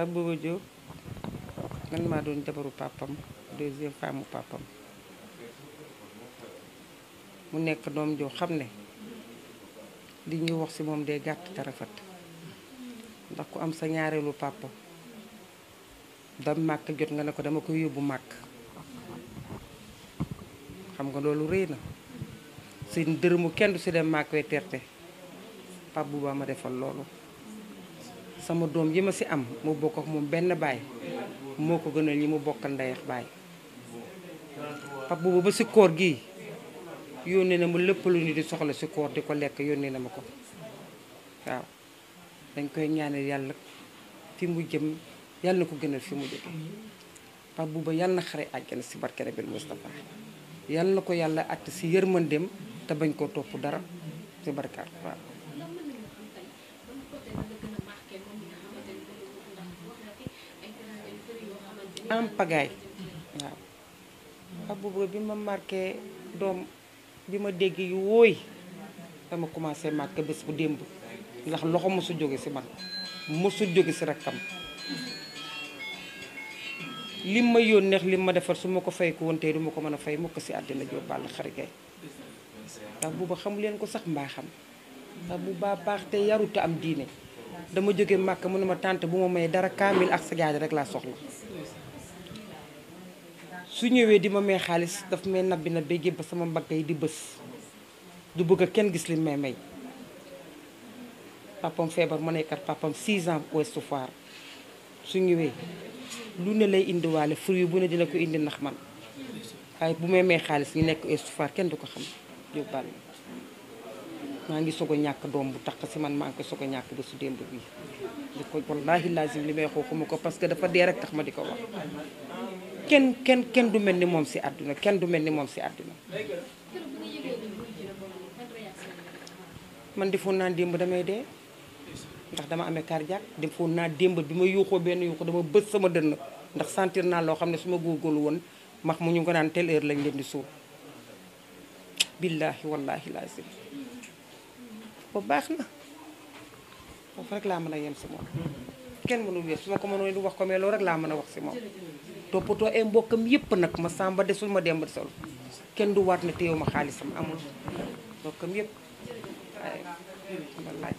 Pape Bouba Diop man maa doon jabaru papam deuxième femme papam mu nekk doom joo xam ne li ñuy wax ci moom day gàtt te rafet ndax ku am sa ñaareelu papa dam màkk jot nga ne ko dama koy yóbbu màkk xam nga loolu rëy na seen dërëmu kenn du si dem màkk we terte bu Bouba ma defal loolu sama doom yi ma ci am mu bokk ak moom benn baay moo ko gënal yi mu bokkal ndey ak baay pap boobu ba si koor gi yónnee na ma lépp ni di soxla si koor di ko lekk yónnee na ma ko waaw dañ koy ñaanal yàlla fi mu jëm yàlla na ko gënal fi mu jóge pap boobu yàlla na xare àjjana si barke Rabil Moustapha yàlla na ko yàlla att si yërmandeem te bañ koo topp dara si barkaat waaw en pagaille waaw abuba bi ma marqué doom bi ma dégg yu wóoy dama commencé marqué bés bu démb ndax loxo mosu jóge si man mosu jóge si rakkam li ma yónneex lim ma defar su ma ko fay ko woon tey du ma ko mën a fay mukk si àddina jóbbaal xarigay abuba xamu leen ko sax mbaa xam bu baa baax te yarut am diine dama jóge màkk mu ma tànt bu ma may dara kaamil ak sajaada rek laa soxla su ñëwee di ma may xaalis dafa may nabbi na béggee ba sama mbagg yi di bës du bëgg a kenn gis li may may papam feebar ma nekkat papam 6 ans Ouest Foire su ñëwee lu ne lay indiwaale fruit bu ne dina ko indi ndax man waaye bu may may xaalis ñu nekk Ouest Foire kenn du ko xam yóbbaale maa ngi soog a ñàkk bu takk ci man maa ko soog su demb bi li ko lazim limay may ko parce que dafa dé rek tax ma diko wax ken ken ken du melni mom ci si ken du melni mom ci si man defo na demb damay dé ndax dama amé cardiaque defo na demb bi ma yuuxoo benn yuuxu dama beut sama deun ndax sentir na lo xamné suma gogol won mu ñu ko naan tel heure lañ leen di billahi wallahi lazim boobu baax na foofu rek laa mën a yem si moom kenn mënul wér su ma ko mënoon du wax ko mais loolu rek laa mën a wax si moom toppatoo ay mbokkam yépp nag ma sàmba desul ma demba desul kenn du waat ne téyewu ma xaalisam amul mbokkam yëpp waaye